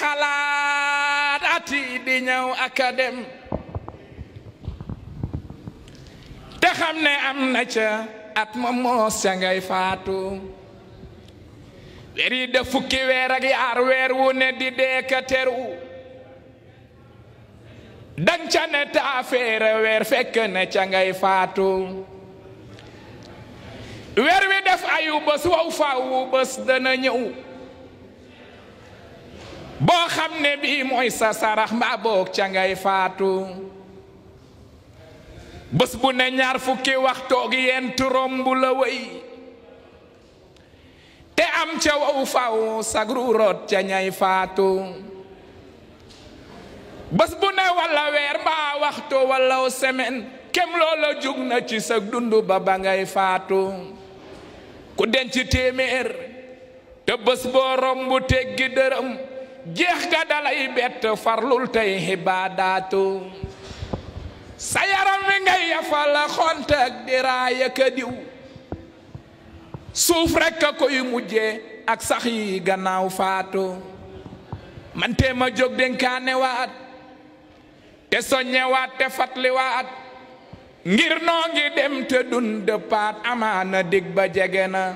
xalaat ati di ñëw ak a dem te xam ne am na ca at ma moos ca ngay faatu wér yi de fukki weer ak yaar weer wu ne di dee ka teru dang ca ne taafeere weer fekk ne ca ngay faatu weer wi def ayu bés wow faawu bés dana ñëw boo xam ne bii mooy sa sarax mbaa boog ca ngay faatu bés bu ne ñaar fukki waxtoog yeen turom la wéy te am ca wow faw sagru root ca ñay faatu bés bu ne walla weer mbaa waxtu walla semaine kem loola jug na ci sa dund ba ba ngay faatu ku denc téeméer te bés boo romb teggi dërëm jeex ga dalay bett farlul tey xibaadaatu sa yaram wi ngay yafal xont ak diraaya ka diw suuf rekk a koy mujje ak sax gannaaw faatu man tee ma jóg dénkaane waat te soññewaat te fatliwaat ngir noo ngi dem te dund paat amaana dig ba jege na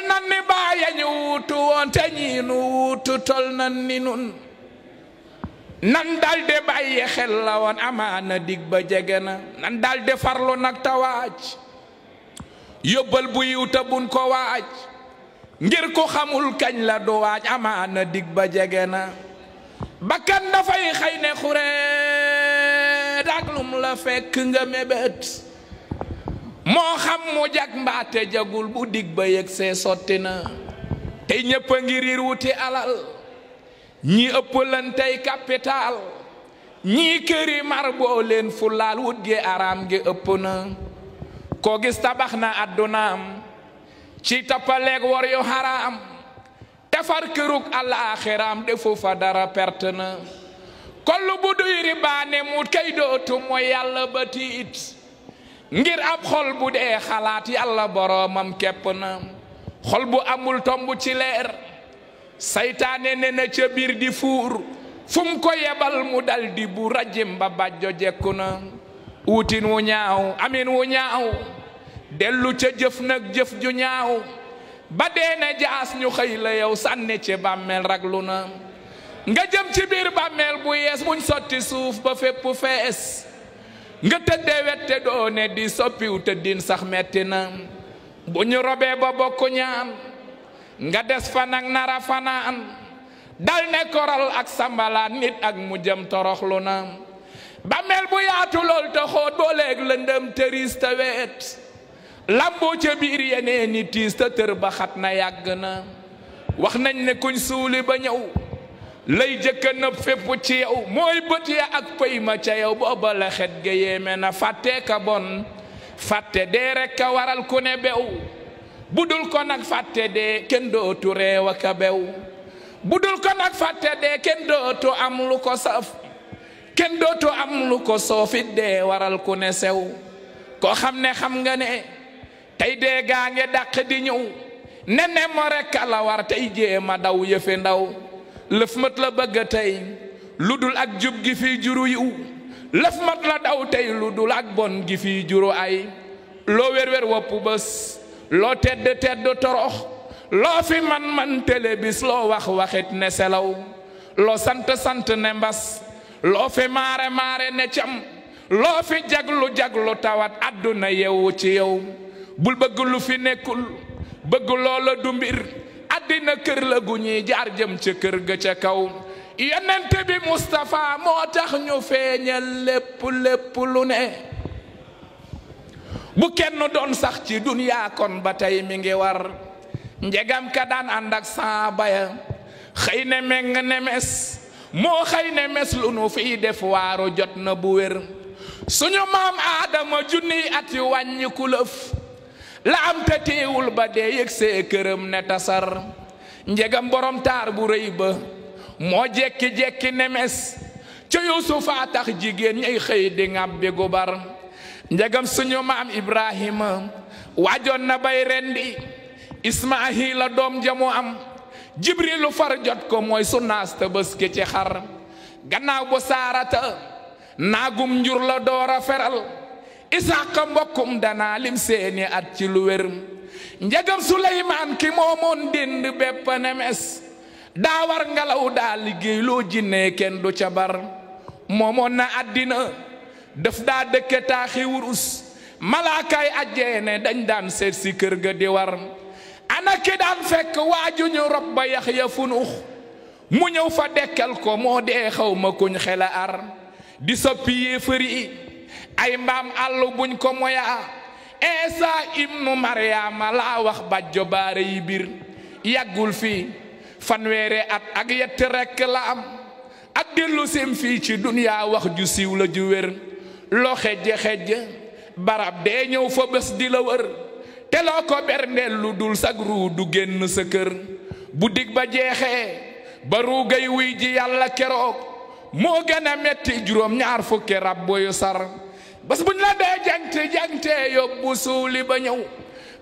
mel nan ni baaya ñu woon te ñii nu wuutu nan ni nun nan dal bàyyi xel la woon amaana dig ba jege na nan dal farlu nag ta waaj yóbbal bu yiw te bun ko waaj ngir ku xamul kañ la du waaj amaana dig ba jege na bakkan dafay xay ne xure dak la fekk nga mébét moo xam mu jag mbaate jagul bu dig ba yëg see sotti na te ñépp ngir ngi riir wuti alal ñi ëpp lan tey capital ñii këri mar boo fu laal wut gi araam gi ëpp na koo gis tabax na addunaam ci tappaleeg war yu xaraam defar kërug alaaxiraam defu fa dara perte na kollu bu duy ribaane mu kay dootu mooy yàlla ba tiit ngir ab xol bu dee xalaat yàlla boroomam képp na xol bu amul tomb ci leer seytaane ne na ca biir di fuur fu ko yebal mu daldi di bu rajim ba bàjjo jekku na wutin wu ñaaw amin wu ñaaw dellu ca jëf nag jëf ju ñaaw ba dee na jaas ñu xëy la yow sànni ci bàmmeel raglu na nga jëm ci biir bàmmeel bu yees buñ sotti suuf ba fépp fees nga tëddee wette te ne di soppiw tëddin sax metti na bu ñu robee ba bokku ñaan nga des fan ak nara fanaan dal ne koral ak sambalaan nit ak mu jëm toroxlu na bàmmeel bu yaatu lool te xóot boo leeg lëndëm tëris te weet lamboo ca biir yeneen ni tiis te tër ba xat na yàgg na wax nañ ne kuñ suuli ba ñëw lay jëkk nëb fépp ci yow mooy bët ya ak pëy ca yow booba la xet ga yéeme na fàtte ka bon fàtte dee rek ka waral ku ne bew bu dul ko nag fàtte dee kenn dootu reew bew bu dul ko nag fàtte dee kenn dootu am lu ko saf kenn dootu am ko soofit dee waral ku ne sew koo xam ne xam nga ne tey dee gaa nge dàq di ñëw ne ne mo la war tey jéema daw yëfe ndaw lëf mat la bëgg tey lu dul ak jub gi fi juru yiw lëf mat la daw tey lu dul ak bon gi fi juru ay loo wér-wér wopp bés loo tedd tedd torox loo fi man man télé loo wax waxit ne selaw loo sant sant ne mbas loo fi maare maare ne cam loo fi jaglu jaglu tawat àdduna yewu ci yow bul bëgg lu fi nekkul bëgg loola du mbir àddina kër la gu jaar jëm ca kër ga ca kaw yonent bi Moustapha moo tax ñu feeñal lépp lépp lu ne bu kenn doon sax ci duniyaa ba tey mi ngi war njegam ka daan ànd ak saaba ya xëy ne meng ne mes moo xëy ne mes lu nu fiy def waaru jot na bu wér suñu maam aadama junniy ati wàññiku lëf la am te ba dee yëg këram ne tasar njegam borom taar bu rëy ba moo jekki-jekki nemes ca yuusufa tax jigéen ñay xëy di ŋàbbi gubar njegam suñu maam ibrahima waajoon na bay rendi ismaahila doom jamu am jibrilu far jot ko mooy su naas tabaski ci xar gannaaw bu saarata naagum njur la door feral isaaka mbokkum danaa lim seeni at ci lu wér njagam suleymaan ki moomoon dénd bépp nemes daa war ngelaw daa liggéey loo jinne kenn du ca bar moomoon na àddina daf daa dëkke taaxi wurus malaakaay ajjeene dañ daan seet si kër ga di war ana ki daan fekk waajuñu rob ba yax ya funux mu ñëw fa dekkal ko moo dee xaw kuñ xela ar di soppi yéefari ay mbaam àll buñ ko moyaa eesa ibnu maryaama laa wax bàjjo baare yi bir yàggul fi fanweere at ak yett rekk la am ak dellu sim fii ci duniyaa wax ju siiw la ju wér loo xejje xejje barab dee ñëw fa bés di la wër te loo ko berndeel lu dul sag du génn sa kër bu dig ba jeexee ba ruugay wuy ji yàlla keroog moo gën a metti juróom ñaar fukki rab boyu sar bas buñ la dee jangte jangte yóbbu suuli ba ñëw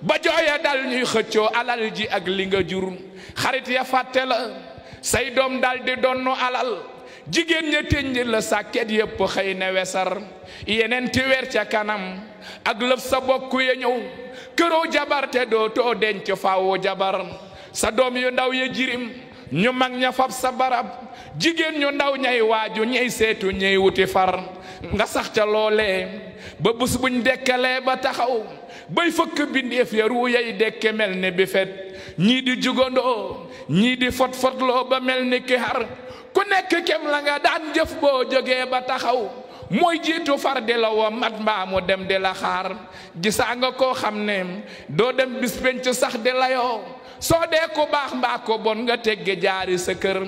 ba jooya dal ñuy xëccoo alal ji ak li nga jur xarit ya fàtte la say doom dal di donnu alal jigéen ña tëñj la sàkket yépp xëy ne wesar yeneen ti weer ca kanam ak lëf sa bokk ya ñëw këroo jabar te doo too denc faawu jabar sa doom yu ndaw ya jirim ñu mag ña fab sa barab jigéen ñu ndaw ñay waaju ñay seetu ñay wuti far nga sax ca loole ba bés buñ ba taxaw bay fëkk bindeef ya ruu yay mel ni bi fet ñii di jugandoo ñii di fot fotloo ba mel ni ki xar ku nekk kem la nga daan jëf boo jógee ba taxaw mooy jiitu far di la wa mat mbaa dem di la xaar gisaa nga koo xam ne doo dem bis penc sax di layoo soo dee ko baax mbaa ko bon nga tegge jaari sa kër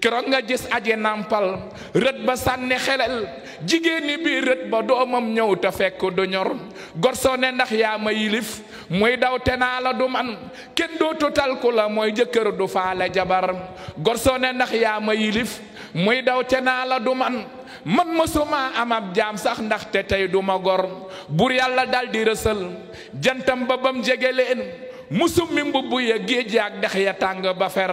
keroog nga gis aje nàmpal rët ba sànni xelel jigéen ñi biir rët ba doomam ñëw te fekk du ñor gor soo ndax yaa ma yilif muy daw te naa la du man kenn dootu tal la mooy jëkkër du faale jabar gor ndax yaa ma yilif muy daw te naa la du man man mësuma am jaam sax ndaxte tey du ma gor bur yàlla dal di rësal jantam ba bam jege leen mu summi mbubb ya géej ak dex ya tàng ba fer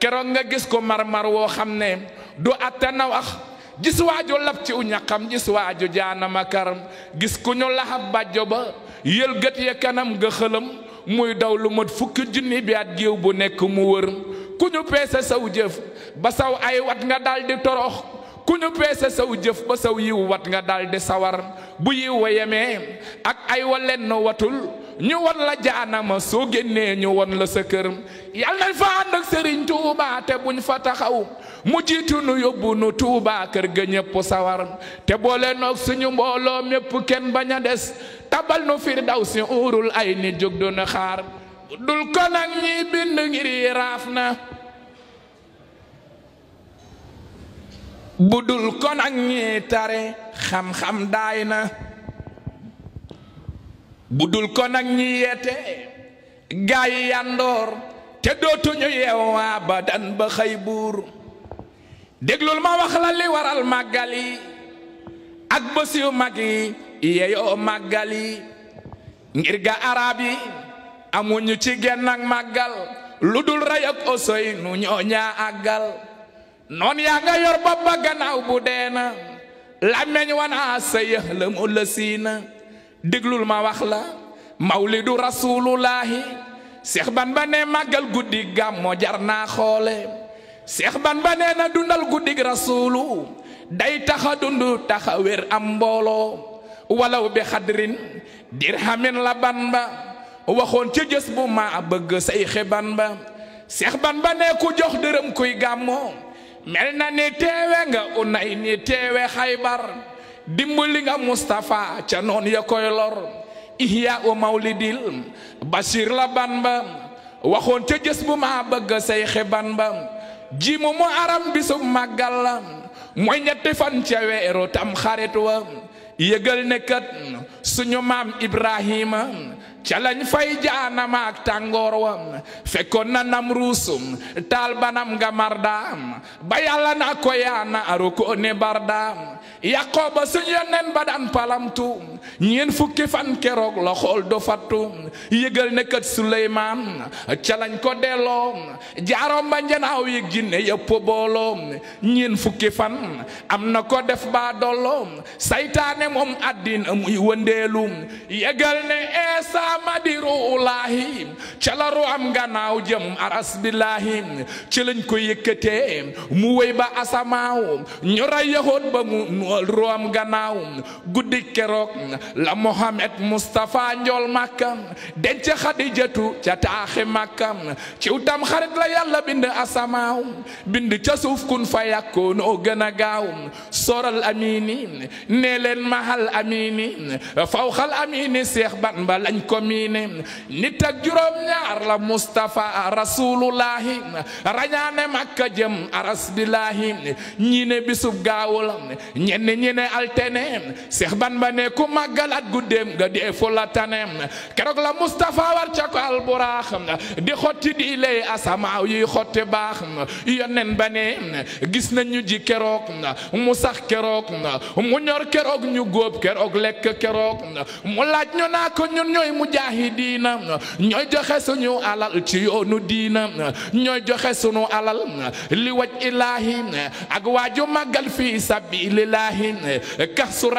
keroog nga gis ko marmar woo xam ne du attana wax gis waaju lab ci u ñaqam gis waaju jaanama karam gis ku ñu laxab bàjjo ba yël gët ya kanam nga xëlëm muy daw lu mat fukki junni bi at géew bu nekk mu wër ku ñu peese saw jëf ba saw ay wat nga daldi torox ku ñu peese saw jëf ba saw yiw wat nga daldi sawar bu yiw wa yemee ak ay wa lenn watul ñu won la jaanama soo génnee ñu won la sa kër yal nañ fa ànd ak sëriñ Tuuba te buñ fa taxaw mu jiitu nu yóbbu nu tuubaa kër ga ñëpp sawar te boole noog suñu mbooloo mépp kenn bañ a des tabal nu firdawsi uurul ay ni jóg doon xaar dul ko nag bind ngir yi raaf na budul kon ak ñi tare xam-xam daay na bu dul ko nag ñi yeete gaa yi yàndoor te dootuñu yeew abadan ba xëy buur déglul ma wax li waral màggal yi ak bés yu yeyoo màggal ngir ga arab amuñu ci genn ak màggal lu dul rey ak osoy nu ñoo ñaa noon yaa nga yor bopp ba gannaaw bu deena làmmeñ wanaa sa yëx la mu la siina déglul ma wax la mawlidu rasulullahi seex ban ba ne màggal guddi gàmmo jar naa xoole seex ban ba nee na dundal guddig rasulu day taxa dund taxa wér am mbooloo walaw bi xadrin dirhamin la ban ba waxoon ci jës bu ma bëgg say xiban ba seex ban ba ne ku jox dërëm kuy gàmmo mel na ni teewe nga unay ni teewe xaybar dimbali nga Moustapha ca noon ya koy lor ihya u mawlidil Bachir la ban ba waxoon ca jës bu ma bëgg say xiban ba ji mu mu aram bisum màggal la mooy ñetti fan ca weeru tam xarit wa yëgal ne kat suñu maam Ibrahima ca lañ fay jaanama ak tàngoor wam fekkoon na nam ruusum taal banam nga mardaam ba yàlla naa ko yaana aru ko ne bardaam yàqoo ba ba daan palamtu ñeen fukki fan keroog la xool do fattu yëgal ne kat Suleymaan ca lañ ko delloo jaaroom ba njanaaw yi ginne yëpp booloo ñeen fukki fan am na ko def baa dolloo saytaane moom àddina muy wëndeelu yëgal ne eesa madiru ulaahi ca la ruam gannaaw jëm aras ci lañ ko yëkkatee mu wéy ba asamaaw ñu ray yahood ba mu ruam gannaaw guddi keroog la Mohamed Moustapha njool Makka denc Xadijatu ca taaxi Makka ciw tam xarit la yàlla bind asamaaw bind ca suuf kun fa yàkkoon oo gën gaaw soral amini nee mahal amini fawxal amini Seex Bamba lañ ko miine nit ak juróom ñaar la Mustafa rasulullahi rañaane makka jëm aras billahi ñii bisub gaawul ñenn ñi ne altene Seex ban ne ku màggalat guddeem nga di fu la tane keroog la Mustafa war ca ko alburaax di xotti di lay asamaaw yi xotti baax yonen ba ne gis nañu ji keroog mu sax keroog mu ñor keroog ñu góob keroog lekk keroog mu laaj ñu naa ko ñun ñooy mujj mujaahidiina ñooy joxe suñu alal ci yoonu diina ñooy joxe suñu alal li waj ilaahi ak waaju màggal fi sabilillaahi